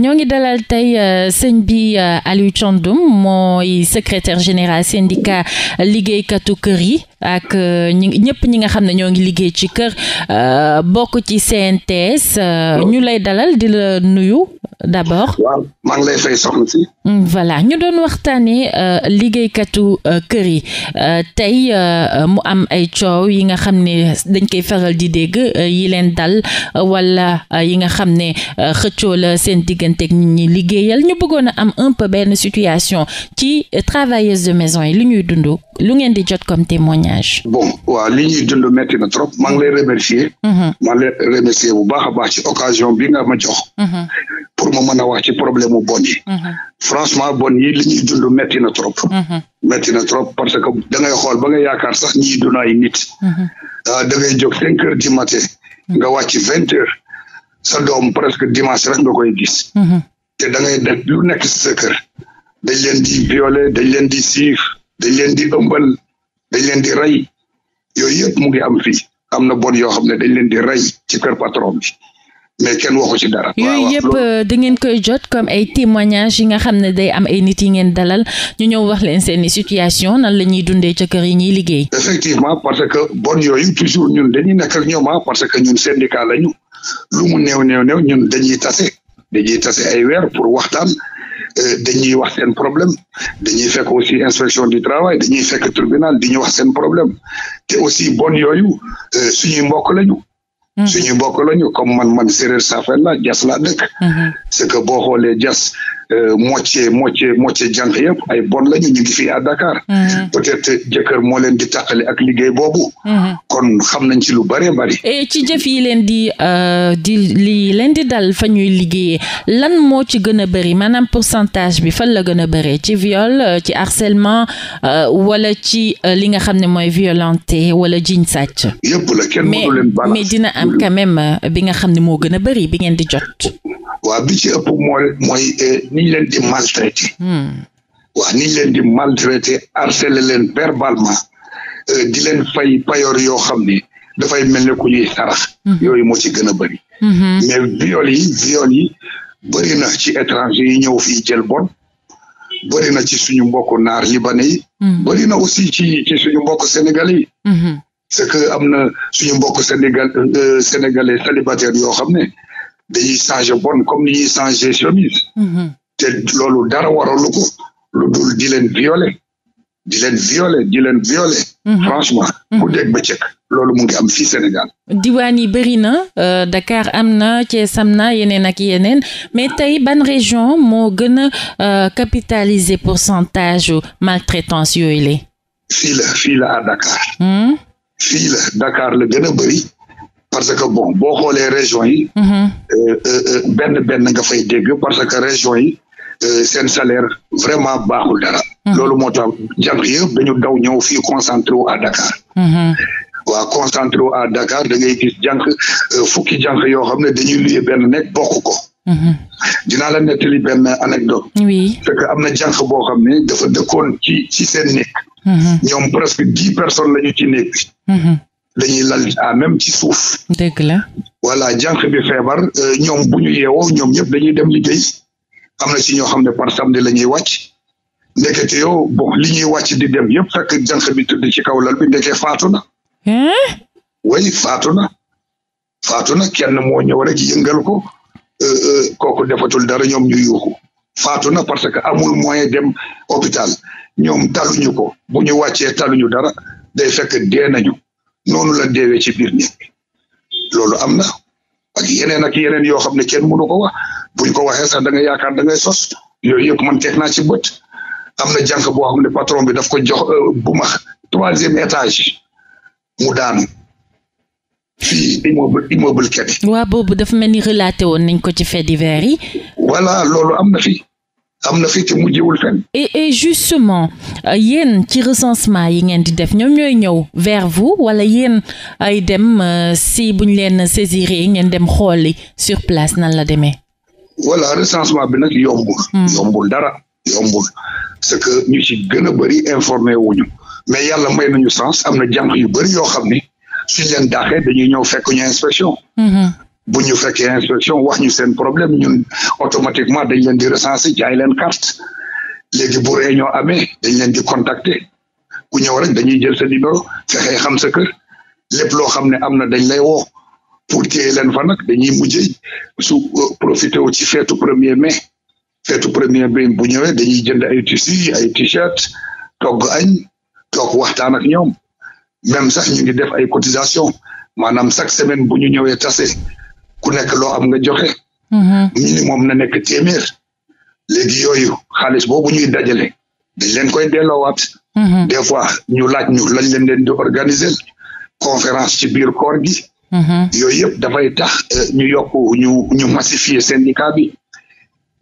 ñoo ngi dalal tey euh, sëñ bi euh, Aliou Thiandoum mooy secrétaire général seen syndicat liggéeykatu kër yi ak euh, ñi ñëpp ñi nga xam ne ñoo ngi liggéey ci kër euh, bokk ci CNTS euh, ñu lay dalal di la nuyu d'abord. waaw mm, voilà ñu doon waxtaanee liggéeykatu kër yi tey mu am ay coow yi nga xam ne dañ koy faral di dégg yi leen dal wala yi nga xam ne xëccoo la seen digganteeg nit ñi liggéeyal ñu bëggoon a am un peu benn situation ci travailleuses de maison yi lu ñuy dund lu ngeen di jot comme témoignage. témoignage. bon waaw li ñuy dund métti na trop maa ngi lay remercier. Mm-hmm. maa ngi lay remercier bu baax a baax ci occasion bi nga ma jox. Mm-hmm. pour ma mën a wax ci problème mu bon yi. Mm-hmm. franchement bon yi li ñuy dund métti na trop. métti na trop parce que da xool ba nga sax ñiy dund nit. Ah, da ngay jóg cinq heures du matin. nga wàcc vingt heures. sa doom presque dimanche rek nga koy gis. te da ngay def lu nekk sa kër. di violer dañ di siif dañ di ëmbal dañ leen di rey yooyu yëpp mu ngi am fii am na bon yoo xam ne dañ leen di rey ci kër patron bi mais kenn waxu ci dara. yooyu yëpp euh, da ngeen koy jot comme ay témoignages yi nga xam ne day am ay nit yi ngeen dalal ñu ñëw wax leen seen situation nan la ñuy dundee ca kër yi ñuy liggéey. effectivement parce que bon yooyu toujours ñun dañuy nekk ak ñoom ah, parce que ñun ka lañu lu mu néew néew néew ñun dañuy tase dañuy tase ay weer pour waxtaan. Euh, dañuy wax seen problème dañuy fekk aussi inspection du travail dañuy fekk tribunal di ñu wax seen problème te aussi bon yooyu euh, suñuy mbokk lañu. Hmm. suñuy mbokk lañu comme man man séeréer saafara la jas laa dëkk. Hmm. que boo xoolee jas Euh, moitié moitié moitié jàng yëpp ay bon lañu ñu ngi fii Dakar. Mm-hmm. peut-être jëkkër moo leen di tàqale ak liggéey boobu. Mm-hmm. kon xam nañ ci lu bëree bëri. et ci jëf yi leen di euh, di li leen di dal fa ñuy liggéeyee lan moo ci gën a bëri maanaam pourcentage bi fan la gën a bëree ci viol euh, ci harcèlement wala ci li nga xam ne mooy violenté wala jiñ sàcc. yëpp la kenn mënu leen mais mais dina am quand bi nga xam ne moo gën a bëri bi ngeen di jot. wa bi ci ëpp mooy mooy eh, ni ñu di maltraité hmm. wa ni le di maltraité harcelé leen verbalement eh, di le fay payoor yoo xam ne dafay mel ne ku ñuy sarax hmm. yooyu moo ci gën hmm. mais viol yi viol yi bëri na ci étranger yi ñëw fii jël bon bëri na ci suñu mbokk naar libanais yi bëri na aussi ci ci suñu mbokk sénégalais yi que am na suñu mbokk sénégal euh, sénégalais célibataire yoo xam ne dañuy changer bonne comme ni ñuy changer mm-hmm. te loolu dara waralu lu dul di leen violer di leen violer mm-hmm. franchement. Mm-hmm. ku dégg ba loolu mu ngi am fii Sénégal. diwaan yi bëri na euh, Dakar am na Thiès na yeneen ak yeneen mais tey ban région moo gën a euh, capitaliser pourcentage maltraitance yooyu la. fii la fii la à Dakar. Mm. la Dakar la gën bëri. parce que bon boo xoolee région yi. Mhm. Euh, euh, euh, benn benn nga fay dégg parce que région yi seen salaire vraiment baaxul dara. Mhm. loolu moo tax janq yëpp dañu daw ñëw fii concentré wu à Dakar. Mhm. waaw concentré wu à Dakar da ngay janq fukki janq yoo xam ne dañuy luye benn nekk bokk ko. dinaa la nettali benn anecdote oui parce que am na jànq boo xam ne dafa dëkkoon ci ci seen nekk. ñoom presque dix personnes la ci nekk. dañuy lal à même ci suuf. dëgg la. voilà jànq bi feebar euh, ñoom bu ñu yeewoo ñoom ñëpp dañuy dem liggéey am na ci ñoo xam ne par samedi la ñuy wàcc ndekete yow bon li ñuy wàcc di dem yëpp fekk jànq bi tëdd ci kaw lal bi ndekee faatu na. way faatu na faatu na kenn moo ñëw rek yëngal ko euh, euh, kooku defatul dara ñoom ñu yuuxu faatu na parce que amul moyen dem hôpital ñoom taluñu ko bu ñu wàccee taluñu dara day fekk dee nañu. noonu la deewee ci biir nit loolu am na ak yeneen ak yeneen yoo xam ne kenn mënu ko wax buñ ko waxee sax da nga yaakaar da ngay sos yooyu yëpp man teg naa ci bët am na jànk bo xam ne patron bi daf ko jox euh, bu ma troisième étage mu daan fii immeuble immeuble Kébé. waaw boobu dafa mel ni relaté woon nañ ko ci fait divers yi. wala loolu am na fi. am na fi ci mujjewul fenn. et et justement euh, yéen ci recensement yi ngeen di def ñoom ñooy ñëw vers vous wala yéen ay dem euh, si buñ leen saisir ngeen dem xooli sur place nan la demee. voilà recensement bi nag yombul. Hmm. yombul dara yombul parce que ñu ci gën a bëri informé wuñu mais yàlla may nañu sens am na jànq yu bëri yoo xam ni suñ leen daaxee dañuy ñëw fekk ñu inspection. Hmm, hmm. bu ñu fekkee inspection wax ñu seen problème ñun automatiquement dañ leen di recenser jaay leen carte léegi bu réunion amee dañ leen di contacter ku ñëw rek dañuy jël sa numéro fexee xam sa lépp loo xam ne am na dañ lay woo pour téye leen fa nag dañuy mujjee su euh, profité wu ci feetu premier mai feetu premier mai bu ñëwee dañuy jënd ay tissus ay t-shirt togg añ toog waxtaan ak ñoom même sax ñu ngi def ay cotisation maanaam chaque semaine bu ñu ñëwee tase ku nekk loo am nga joxe minimum mm-hmm. na nekk téeméer léegi yooyu xaalis boobu ñuy dajale dañ leen koy delloowaat mm-hmm. des fois ñu laaj ñu lañ leen leen di organiser conférence ci biir koor gi mm-hmm. yooyu yëpp dafay tax euh, ñu yokk ñu ñu massifier syndicat bi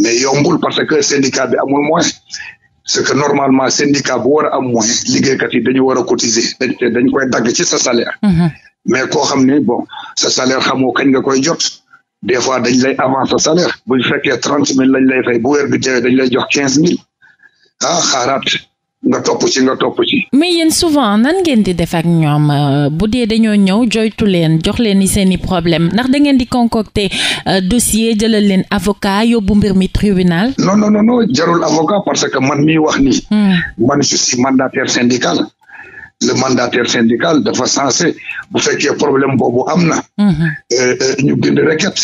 mais yombul parce que syndicat bi amul moyen c'est que normalement syndicat bu war a am moyen liggéeykat yi dañu war a cotiser dañ koy dagg ci sa salaire mais koo xam ne bon sa salaire xamoo kañ nga koy jot des fois dañ lay avance sa salaire bu fekkee trente mille lañ lay fay bu weer bi teewee dañ lay jox quinze mille ah xaaraat nga topp nga topp mais yéen souvent nan ngeen di def ak ñoom euh, bu dee dañoo ñëw joytu leen jox leen i seen i problème ndax da ngeen di concocter euh, dossier jëlal leen avocat yóbbu mbir mi tribunal. non non non jarul avocat parce que man mii wax nii. Hmm. man je suis syndical. le mandataire syndical dafa censé bu fekkee problème boobu am na. Mhm. Euh, ñu bind requête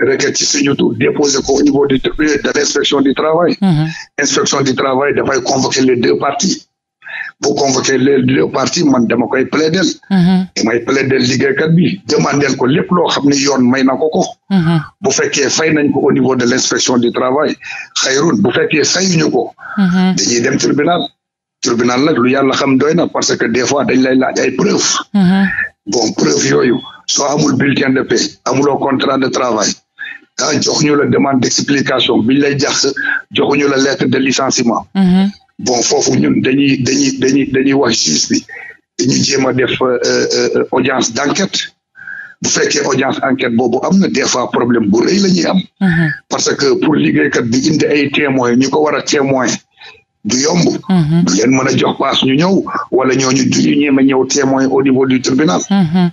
requête ci suñu tur déposé ko au niveau du de l'inspection du travail. Mhm. inspection du travail dafay convoquer les deux parties. bu convoquer les deux parties man dama koy plaidel. damay mhm. plaidel liggéeykat bi demandeel ko lépp xam ne yoon may na ko ko. bu fekkee fay nañ ko au niveau de l'inspection du travail xayrun bu fekkee fayuñu ko. tribunal. tribunal nag lu yàlla xam doy parce que des fois dañ lay laaj ay preuve uh-huh. bon preuve yooyu soo amul bulletin de paie amuloo contrat de travail ah joxuñu la demande d' explication biñ lay jax joxuñu la lettre de licenciement uh-huh. bon foofu ñun dañuy dañuy dañuy dañuy wax juge bi ñu jéem a def euh, euh, euh, audience d' enquête bu fekkee audience enquête boobu am na des fois problème bu rëy la ñuy am uh-huh. parce que pour liggéeykat bi indi ay témoin ñu ko a témoin du yomb mhm. du leen mën a jox paas ñu ñëw wala ñooñu du ñu ñeema ñëw témoin au niveau du tribunal mhm.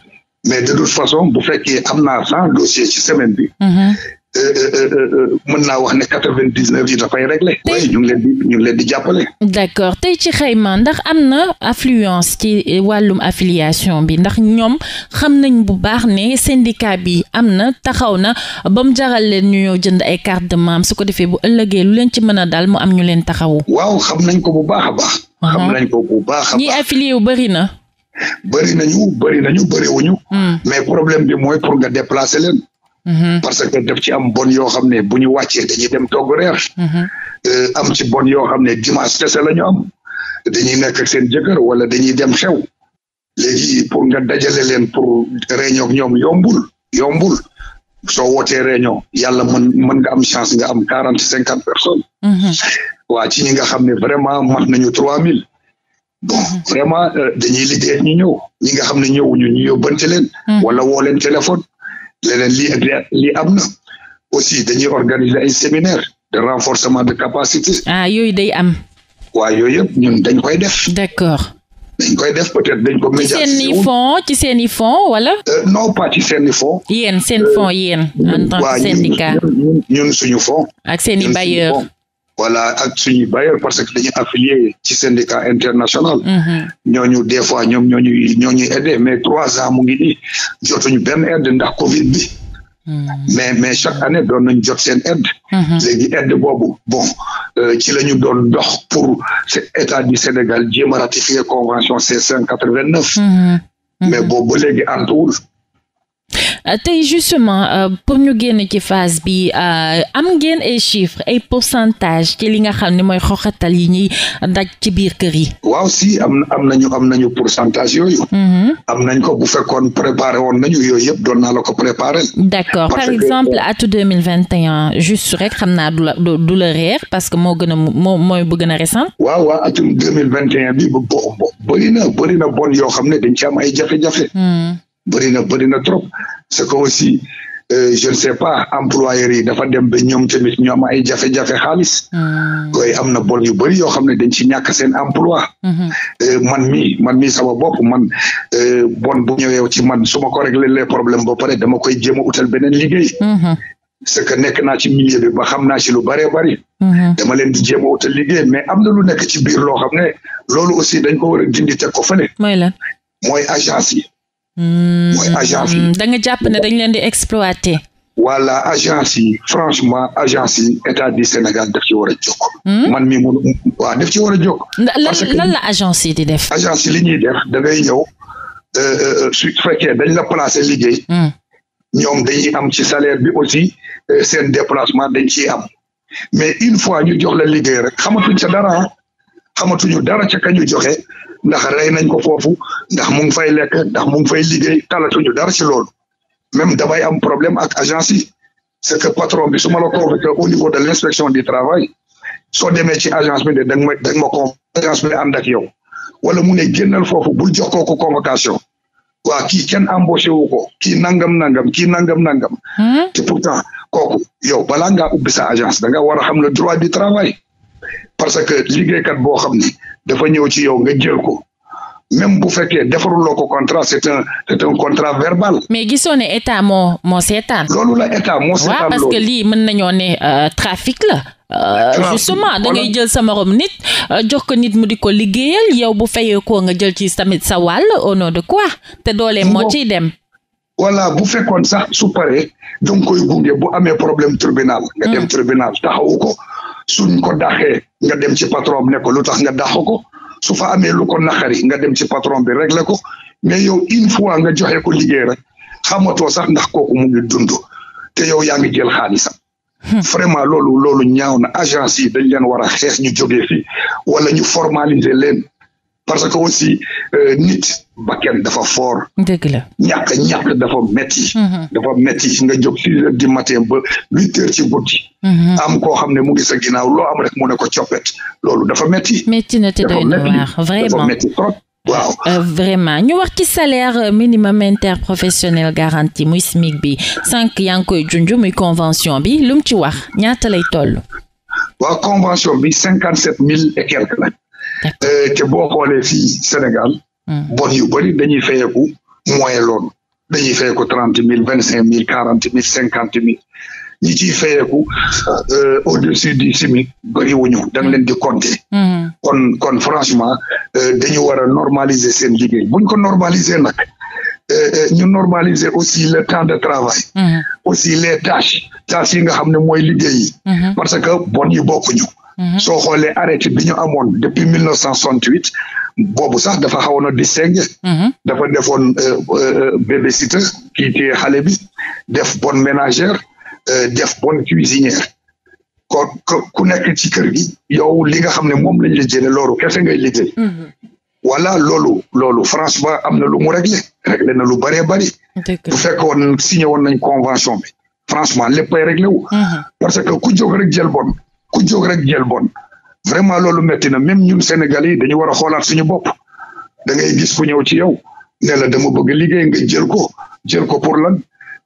mais de toute façon bu fekkee am naa dossier ci semaine bi mhm. Euh, euh, euh, mën naa wax ne quatre-vingt-dix-neuf yi dafay réglé. leen di jàppale. d'accord tey ci xayma ndax am na affluence ci wàllum affiliation bi ndax ñoom xam nañ bu baax ne syndicat bi am na taxaw na ba mu jaral leen ñu ñëw jënd ay carte de maam su ko defee bu ëllëgee lu leen ci mën a daal mu am ñu leen taxawu. waaw xam nañ ko bu baax a baax. Uh-huh. xam nañ ko bu baax a baax ñi affilié wu bëri na. bëri nañu bëri nañu bëriwuñu. Hmm. mais problème bi mooy pour nga déplacer leen. Mm-hmm. parce que daf ci am bon yoo xam ne bu ñu wàccee dem togg mm-hmm. euh, am ci bon yoo xam ne dimanche kese la ñu am dañuy nekk ak seen jëkkër wala dañuy dem xew léegi pour nga dajale leen pour réunion ñoom yombul yombul soo wootee réunion yàlla mën mën nga am chance nga am quarante cinquante personnes mm-hmm. waa ci ñi nga xam ne vraiment mat nañu trois mille bon vraiment euh, dañuy liggéey ñu ñëw ñi nga xam ne ñëwuñu ñu yóbbante leen wala woo téléphone leneen lii am na aussi dañuy organiser ay séminaire de renforcement de capacité. ah yooyu day am. waa yooyu yëpp ñun dañ koy def. d'accord. dañ koy def peut dañ ko. médiation ci seen i fonds ci seen i fonds wala. Euh, non pas ci seen i fonds. yéen seen fonds yéen. en euh, tant que syndicat ñun suñu fonds. ak seen i bailleurs voilà ak suñuy bailleur parce que dañu affilié ci syndicat international mhm. ñooñu des fois ñoom ñooñuy ñooñuy aidé mais trois ans mu ngi nii jotuñu benn aide ndax covid bi mhm. mais mais chaque année doon nañ jot seen aide mhm. léegi aide boobu bon euh, ci lañu ñu dox pour état du Sénégal jéem a ratifier convention C589 mais boobu ba léegi antuwul Euh, tey justement euh, pour ñu génn ci phase bi euh, am ngeen ay chiffres ay pourcentage ci li nga xam ne mooy xoxatal yi ñuy daj ci biir kër yi. waaw si am am nañu am nañu pourcentage yooyu. Mhm. am nañ ko bu fekkoon préparé woon nañu yooyu yëpp doon naa la ko préparé. d'accord par exemple atu mille vingt et un juste rek xam naa du la du la réer parce que moo gën a moo mooy bu na a récent. waaw waaw bi bu bo bëri na bëri bon yoo xam ne dañ ci ay jafe-jafe. Hmm. bëri na na trop c'est que aussi euh, je ne sais pas employeurs yi dafa dem ba ñoom tamit ñu am ay jafe-jafe xaalis. Ah. am na bor yu bëri yoo xam ne dañ ci ñàkk seen emploi. Mm-hmm. Euh, man mi man mi sama bopp man euh, bon bu ñëwee ci man su ma le réglé les problèmes ba pare dama koy jéem a utal beneen liggéey. Mm-hmm. c'est que nekk naa ci milieu bi ba xam naa ci lu bëree bëri. Mm-hmm. dama leen di jéem a liggéey mais am na lu nekk ci biir loo xam ne loolu aussi dañ ko war a dindi teg ko fële. mooy agence yi. mooy hmm. agence yi hmm. da nga jàpp ne dañ leen di exploiter. wala agence yi franchement agence yi état du Sénégal def ci war a jóg. Hmm? man mi mun waaw daf ci war a jóg. parce que lan yi di def. agence yi li ñuy def da ngay ñëw euh, euh, euh, su fekkee dañ la placer liggéey. ñoom dañuy am ci salaire bi aussi seen déplacement dañ ciy am mais une fois ñu jox la liggéey rek xamatuñ sa dara. xamatuñu dara ca kañu joxe ndax rey nañ ko foofu ndax mu ngi fay lekk ndax mu ngi fay liggéey talatuñu dara ci loolu même damay am problème ak agence yi c'est que patron bi su ma la convoqué au niveau de l'inspection du travail soo demee ci agence bi ne danga ma danga ma convoqué agence bi ànd ak yow wala mu ne génnal foofu bul jox ko convocation waa kii kenn embauché wu ko kii nangam nangam kii nangam nangam. Hmm? te pourtant kooku yow balaa ngaa ubbi sa agence da nga war a xam la droit du travail. parce que liggéeykat boo xam ni dafa ñëw ci yow nga jël ko même bu fekkee defaruloo ko contrat c' est un contrat verbal. mais gisoo ne état moo seetaan. loolu la état moo seetaan waaw parce que lii mën nañoo ne euh, trafic la. Euh, trafic justement da ngay jël sa morom nit euh, jox ko nit mu di ko liggéeyal yow bu fayee ko nga jël ci tamit sawal wàll au nom de te doole moo ciy dem. wala bu fekkoon sax su paree danga koy gunge bu amee problème tribunal. nga dem mm. tribunal nga dem ci patron bi ko lu tax nga dàq ko su fa amee lu ko naqari nga dem ci patron bi régler ko mais yow une fois nga joxe ko liggéey rek xamatoo sax ndax kooku mu ngi dund te yow yaa ngi jël xaalisam. Hmm. vraiment loolu loolu ñaaw na agence yi dañ leen war a xeex ñu jógee fii wala ñu formaliser leen parce que aussi euh, nit bakkan dafa fort. dëgg la ñàkk ñàkk dafa metti mm-hmm. dafa metti nga jóg six heures matin ba huit heures ci guddi. Mm-hmm. am koo xam ne mu ngi sa ginnaaw loo am rek mu ne ko coppet loolu dafa metti metti na te doy na waar euh, vraiment ñu wax ci salaire minimum interprofessionnel garanti muy SMIC bi sànq yaa ngi koy junj convention bi lu mu ci wax ñaata lay toll. waaw convention bi cinquante sept mille et la. Euh, te boo xoolee fii Sénégal. Hmm. bon yu bëri dañuy fayeeku moyen loon dañuy fayeeku trente mille vingt cinq mille quarante mille cinquante mille ñi ciy fayeeku euh, au dessus du SMIC bëri wuñu da nga leen di compter. Hmm. kon kon franchement euh, dañu war a normaliser seen liggéey buñ ko normaliser nag. ñu normaliser aussi le temps de travail hmm. aussi les tâches tâches yi nga xam ne mooy liggéey parce que bon yi Mm-hmm. soo xoolee arrêté bi ñu amoon depuis mille neuf cent soixante-huit boobu sax dafa xawoon a distingue mm-hmm. dafa defoon euh, euh, babysitter kii téye xale bi def bonne ménagère euh, def bonne cuisinière ko ku nekk ci kër gi yow li nga xam ne moom lañ la jëlee loolu kese ngay liggéey mm-hmm. voilà loolu loolu franchement am na lu mu réglé réglé na lu bëree bari bu fekkoon signé woon nañ convention bi franchement léppay réglé wu parce que ku jóg rek jël bon ku jóg rek jël bon vraiment loolu métti na même ñun Sénégal dañu war a xoolaat suñu bopp da ngay gis ku ñëw ci yow ne la dama bëgg liggéey nga jël ko jël ko pour lan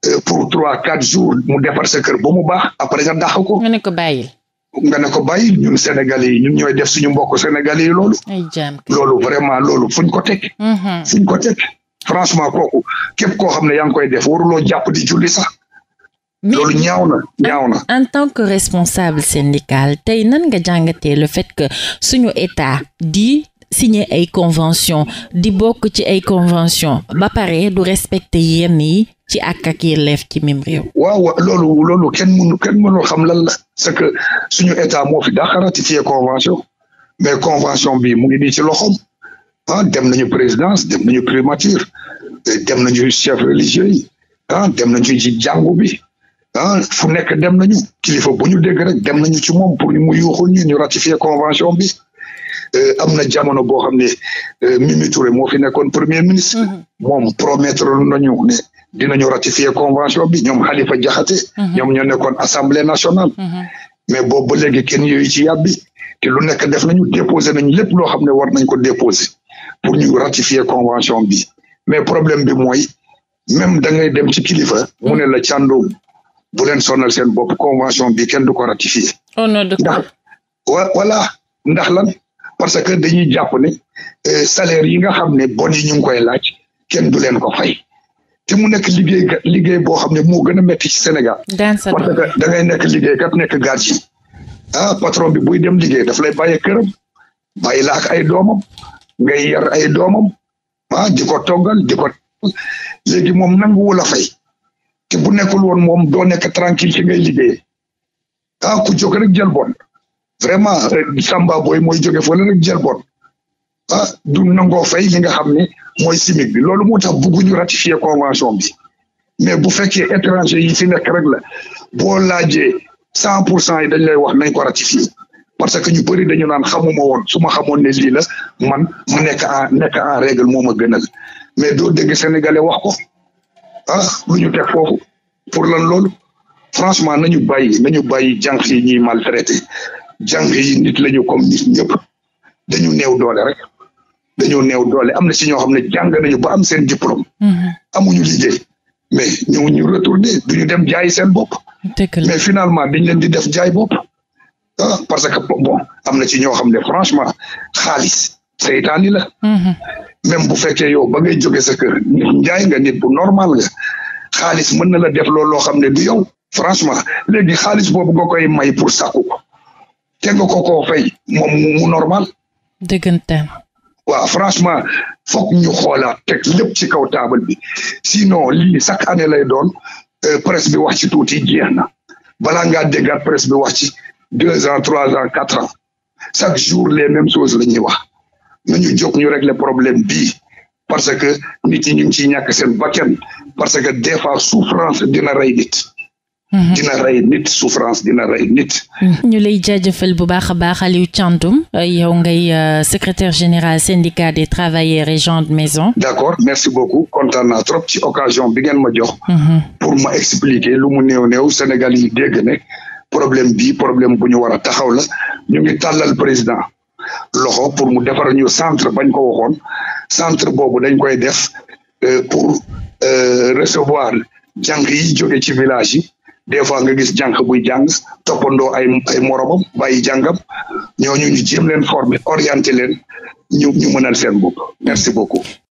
euh, pour troit quatre jours mu defar sa kër ba mu baax après nga dàq ko. nga ne ko bàyyi. nga ne ko bàyyi ñun Sénégal yi ñun ñooy def suñu mbokk Sénégal yi loolu. loolu vraiment loolu fuñ ko teg. Mm-hmm. fuñ ko teg franchement kooku képp koo xam ne yaa ngi koy def waruloo jàpp di julli sax. loolu ñaaw na ñaaw na en tant que responsable syndical tey nan nga jàngatee le fait que suñu état di signer ay convention di bokk ci ay convention ba pare du respecter yenn yi ci ak ak yelleef ci mim réew waaw loolu loolu kenn mënu kenn mënul xam lan la c'est que suñu état moo fi dàqa ratifier convention mais convention bi mu ngi nii ci loxoom ah dem nañu présidence dem nañu primature dem nañu chef religieux yi ah, dem nañu ci jàngu bi ah fu nekk dem nañu kilifa bu ñu dégg rek dem nañu ci moom pour mu yuuxul ñu ñu ratifier convention bi euh, am na jamono boo xam ne euh, Mimi Touré moo fi nekkoon premier ministre. Mm-hmm. moom promettre nañu ne dinañu ratifier convention bi ñoom Khalifa Diakhaté. Mm-hmm. ñoom ñoo nekkoon assemblée national mm-hmm. mais boobu ba léegi kenn yooyu ci bi te lu nekk def nañu déposé nañu lépp loo xam ne war nañ ko déposé pour ñu ratifier convention bi mais problème bi mooy même da ngay dem ci kilifa mu ne la càndoom bu leen sonal seen bopp convention bi kenn du ko ratifié. au nom de quoi ndax voilà ndax lan parce que dañuy jàpp ne euh, salaire yi nga xam ne bon yi ñu ngi koy laaj kenn du leen ko fay te mu nekk liggéey liggéey boo xam ne moo gën a métti ci Sénégal. parce que da ngay nekk liggéey kat nekk gardien a ah, patron bi buy dem liggéey daf lay bàyyi këram bàyyi la ak ay doomam ngay yar ay doomam ah di ko toggal di ko léegi moom nanguwul a te bu nekkul woon moom doo nekk tranquille ci ngay liggéey ah ku jóg rek jël bon vraiment eh, Samba booy mooy jóge fële rek jël bon ah du nangoo fay li nga xam ne mooy CIMIC bi loolu moo tax bëgguñu ratifier convention bi mais bu fekkee étranger yi fi nekk rek la boo laajee cent pour cent yi dañ lay wax nañ ko ratifier parce que ñu bëri dañu naan xamuma woon su ma xamoon ne lii la man ma nekk en nekk en règle moo ma gënal mais doo dégg sénégalais wax ko. ah lu ñu def foofu pour lan loolu franchement nañu bàyyi nañu bàyyi jànq yi ñuy maltraité jànq yi nit la ñu comme nit ñëpp dañu néew doole rek dañoo néew doole am na si ñoo xam ne jàng nañu ba am seen diplôme. Mm-hmm. amuñu liggéey mais ñu ñu retourné du ñu dem jaay seen bopp. mais finalement dañ leen di def jaay bopp. ah parce que bon am na ci ño xam ne franchement xaalis seytaani la. Mm-hmm. même bu fekkee yow ba ngay jóge sa kër nit njaay nga nit bu normal nga xaalis mën na la def loolu loo xam ne du yow franchement léegi xaalis boobu nga koy may pour sàkku ko te nga ko koo fay moom mu normal. dëggantaan. waaw franchement foog ñu xoolaat teg lépp ci kaw taabal bi sinon li chaque année lay doon euh, presse bi wax ci tuuti jeex na balaa ngaa jega presse bi wax ci deux ans trois ans quatre ans chaque jour les même choses la ñuy wax. nañu jóg ñu régler problème bi parce que nit ñi ñu ngi ciy ñàkk seen parce que des fois souffrance dina rey nit mhm. dina rey nit souffrance dina rey nit. Mhm. ñu lay jaajëfal bu baax a baax Aliou Thiandoum euh, yow ngay euh, secrétaire général syndicat des travailleurs et gens de maison. d' accord merci beaucoup kontaan naa trop ci occasion bi ngeen ma jox. Mhm. pour ma expliquer lu mu néew néew Sénégal yi dégg ne problème bii problème bu ñu war a taxaw la ñu ngi tàllal président. loxo pour mu defar ñu centre bañ ko waxoon centre boobu dañ koy def euh, pour euh, recevoir jànq yi jóge ci village yi des fois nga gis jànq buy jàng toppandoo ay ay moromam bàyyi jàngam ñoo ñu jéem leen former orienter leen ñu ñu mënal seen bopp merci beaucoup.